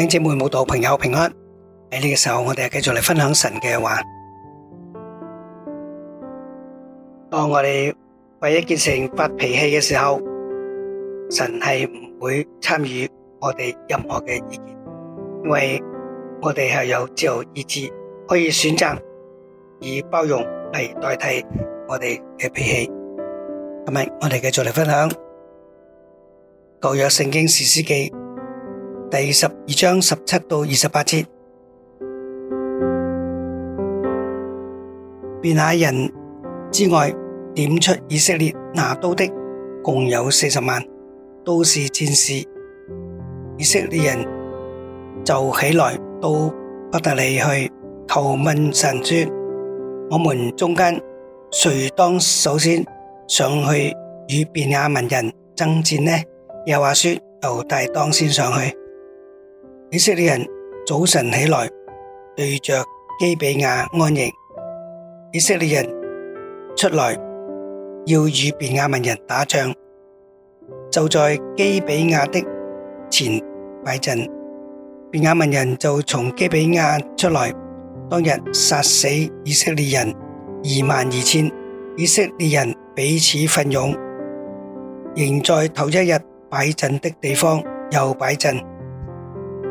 兄姐妹、慕道朋友平安。喺呢個時候，我哋繼續嚟分享神嘅話。當我哋為一件事發脾氣嘅時候，神係唔會參與我哋任何嘅意見，因為我哋係有自由意志，可以選擇以包容嚟代替我哋嘅脾氣。今日，我哋繼續嚟分享舊約聖經士師記。第十二章十七到二十八節，便雅人之外，點出以色列拿刀的共有四十萬，都是戰士。以色列人就起來到伯特利去求問神說：我們中間誰當首先上去與便雅憫人爭戰呢？又話說：猶大當先上去。以色列人早晨起來，對着基比亞安營。以色列人出來，要與便雅憫人打仗，就在基比亞的前擺陣。便雅憫人就從基比亞出來，當日殺死以色列人二萬二千。以色列人彼此奮勇，仍在頭一日擺陣的地方又擺陣。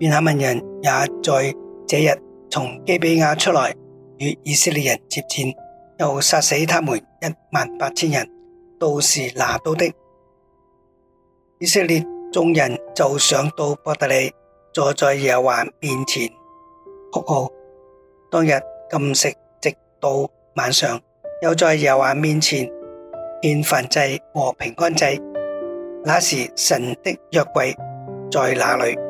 便雅憫人也在這日從基比亞出來與以色列人接戰，又殺死他們一萬八千人，都是拿刀的。以色列眾人就上到伯特利，坐在耶和華面前哭號，當日禁食直到晚上，又在耶和華面前獻燔祭和平安祭，那時神的約櫃在哪裡？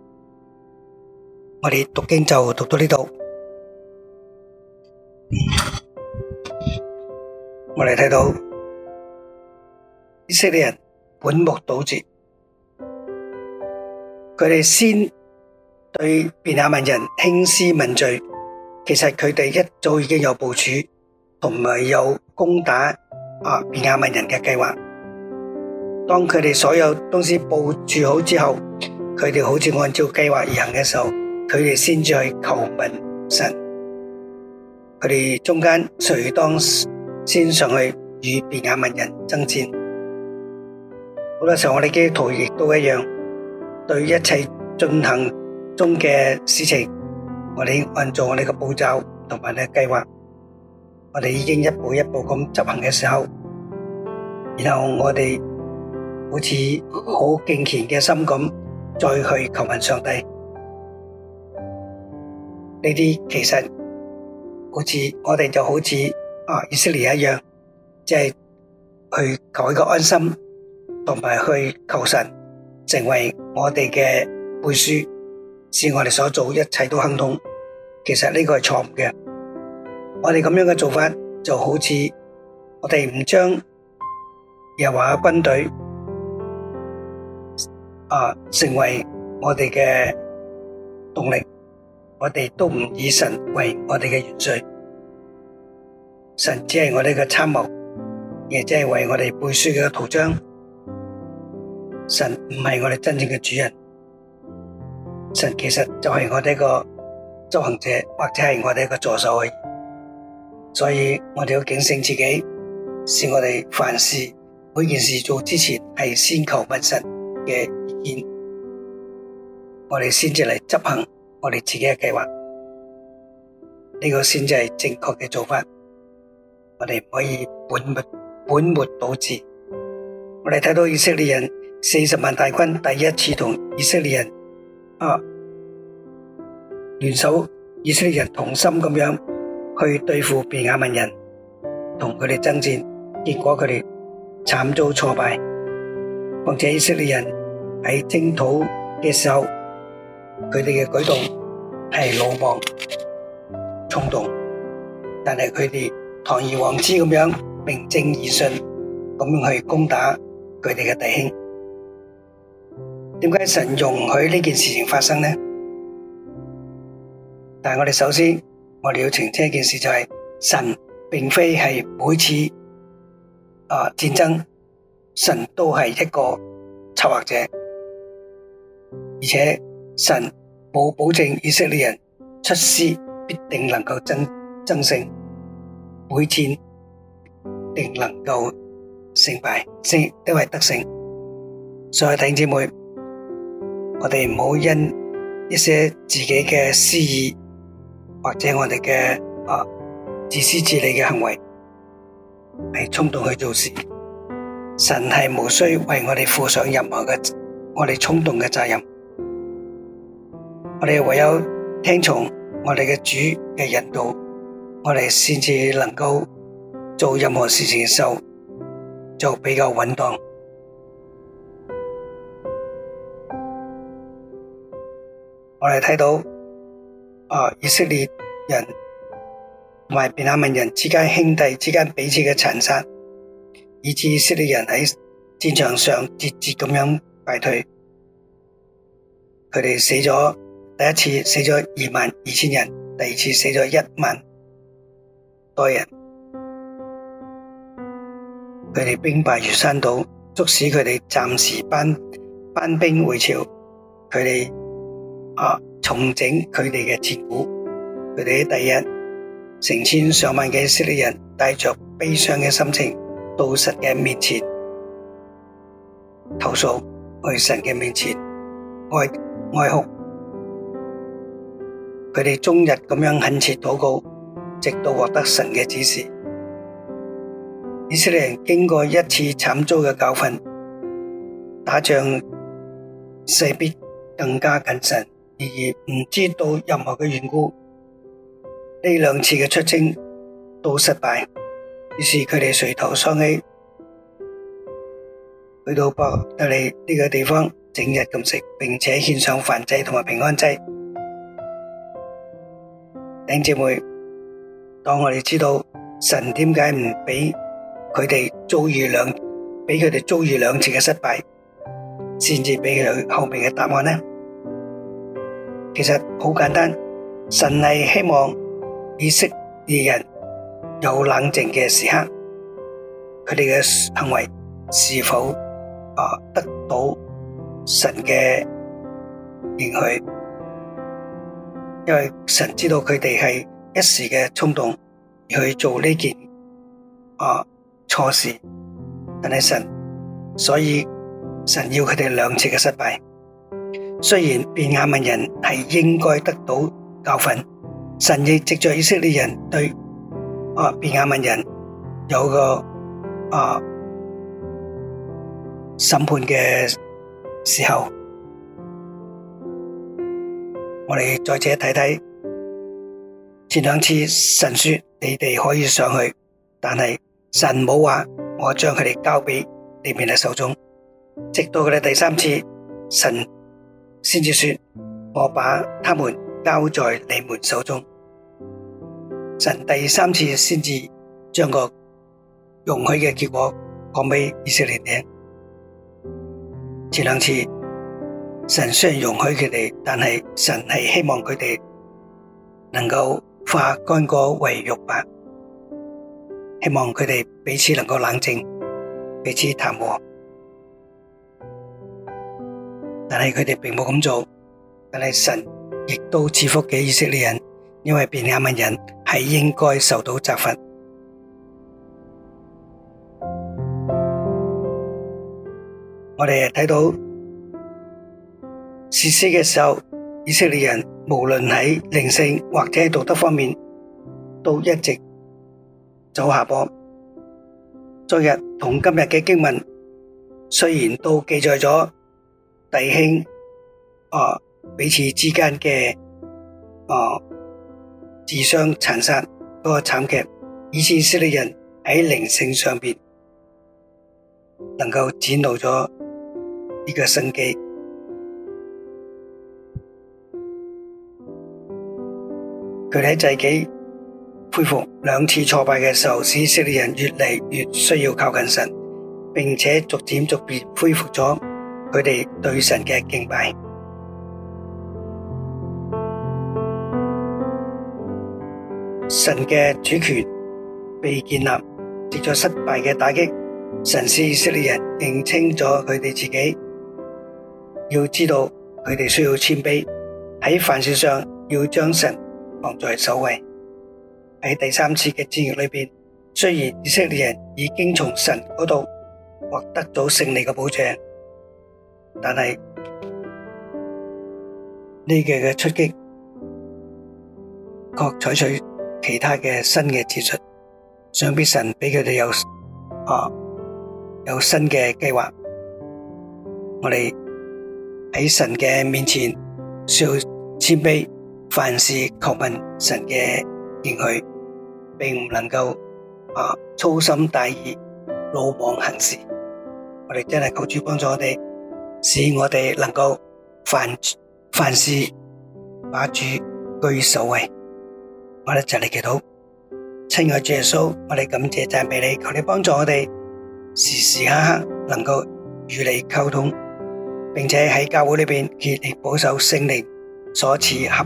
我哋讀經就讀到呢度，我哋睇到以色列人本末倒置，佢哋先對便雅憫人興師問罪，其實佢哋一早已經有部署，同埋有攻打啊便雅憫人嘅計劃。當佢哋所有東西部署好之後，佢哋好似按照計劃而行嘅時候。佢哋先至去求問神，佢哋中間誰當先上去與便雅憫人爭戰？好多時候我哋基督徒亦都一樣，對一切進行中嘅事情，我哋按照我哋嘅步驟同埋我哋嘅計劃，我哋已經一步一步咁執行嘅時候，然後我哋好似好敬虔嘅心咁再去求問上帝。呢啲其實好似我哋就好似啊以色列一樣，即係去求一個安心，同埋去求神成為我哋嘅背書，是我哋所做一切都亨通。其實呢個係錯誤嘅，我哋咁樣嘅做法就好似我哋唔將耶和華軍隊啊成為我哋嘅動力。我哋都唔以神為我哋嘅元帥，神只係我哋嘅參謀，亦即係為我哋背書嘅圖章。神唔係我哋真正嘅主人，神其實就係我哋一個執行者，或者係我哋一個助手。所以，我哋要警醒自己，使我哋凡事每件事做之前，係先求問神嘅意見，我哋先至嚟執行。我哋自己嘅計劃，呢個先至係正確嘅做法。我哋唔可以本末本末倒置。我哋睇到以色列人四十萬大軍第一次同以色列人啊聯手，以色列人同心咁樣去對付便雅憫人，同佢哋爭戰，結果佢哋慘遭挫敗。或者以色列人喺征討嘅時候。佢哋嘅舉動係魯莽、衝動，但係佢哋堂而皇之咁樣名正言順咁樣去攻打佢哋嘅弟兄，點解神容許呢件事情發生呢？但係我哋首先我哋要澄清一件事，就係神並非係每次、啊、戰爭，神都係一個策劃者，而且。神冇保證以色列人出師必定能夠爭爭勝，每戰定能夠勝敗，勝都係得勝。所以弟兄姊妹，我哋唔好因一些自己嘅私意，或者我哋嘅啊，自私自利嘅行為，係衝動去做事。神係無需為我哋負上任何嘅我哋衝動嘅責任。我哋唯有聽從我哋嘅主嘅引導，我哋先至能夠做任何事情嘅時候就比較穩當。我哋睇到啊，以色列人同埋便雅憫人之間兄弟之間彼此嘅殘殺，以致以色列人喺戰場上節節咁樣敗退，佢哋死咗。第一次死咗二萬二千人，第二次死咗一萬多人。佢哋兵敗如山倒，促使佢哋暫時班班兵回朝。佢哋啊，重整佢哋嘅戰鼓。佢哋喺第一成千上萬嘅以色列人，帶着悲傷嘅心情，到神嘅面前投訴，去神嘅面前哀哀哭。佢哋終日咁樣懇切禱告，直到獲得神嘅指示。以色列人經過一次慘遭嘅教訓，打仗勢必更加謹慎，然而唔知道任何嘅緣故，呢兩次嘅出征都失敗。於是佢哋垂頭喪氣，去到伯特利呢個地方，整日禁食，並且獻上燔祭同埋平安祭。姐妹，當我哋知道神點解唔俾佢哋遭遇兩俾佢哋遭遇兩次嘅失敗，先至俾佢後面嘅答案呢？其實好簡單，神係希望以色列人有冷靜嘅時刻，佢哋嘅行為是否啊得到神嘅認可？因為神知道他們是一時的衝動而去做這件啊錯事，但是神，所以神要他們兩次的失敗。雖然便雅憫人是應該得到教訓，神亦藉着以色列人對啊便雅憫人有個啊審判的時候。我哋再者睇睇前兩次神說你哋可以上去，但係神冇話我將佢哋交畀你們嘅手中，直到佢哋第三次神先至說我把他們交在你們手中。神第三次先至將個容許嘅結果講畀以色列聽。前兩次。神雖然容許佢哋，但係神係希望佢哋能夠化干戈為玉帛，希望佢哋彼此能夠冷靜、彼此談和。但係佢哋並冇咁做，但係神亦都賜福畀以色列人，因為便雅憫人係應該受到責罰。我哋睇到。實施嘅時候，以色列人無論喺靈性或者喺道德方面，都一直走下坡。昨日同今日嘅經文，雖然都記載咗弟兄啊彼此之間嘅啊自相殘殺嗰個慘劇，以至以色列人喺靈性上邊能夠展露咗呢個生機。佢喺自己恢復兩次挫敗嘅時候，使以色列人越嚟越需要靠近神，並且逐漸逐漸恢復咗佢哋對神嘅敬拜。神嘅主權被建立，接咗失敗嘅打擊，神使以色列人認清咗佢哋自己，要知道佢哋需要謙卑，喺凡事上要將神。放在首位。喺第三次嘅戰役裏邊，雖然以色列人已經從神嗰度獲得咗勝利嘅保障，但係呢次嘅出擊，卻採取其他嘅新嘅戰術，想必神俾佢哋有啊有新嘅計劃。我哋喺神嘅面前需要謙卑。凡事求問神嘅應許，並唔能夠啊粗心大意、魯莽行事。我哋真係求主幫助我哋，使我哋能夠凡凡事把主居首位。我哋就嚟祈禱，親愛主耶穌，我哋感謝讚美你，求你幫助我哋時時刻刻能夠與你溝通，並且喺教會裏邊竭力保守聖靈所賜合。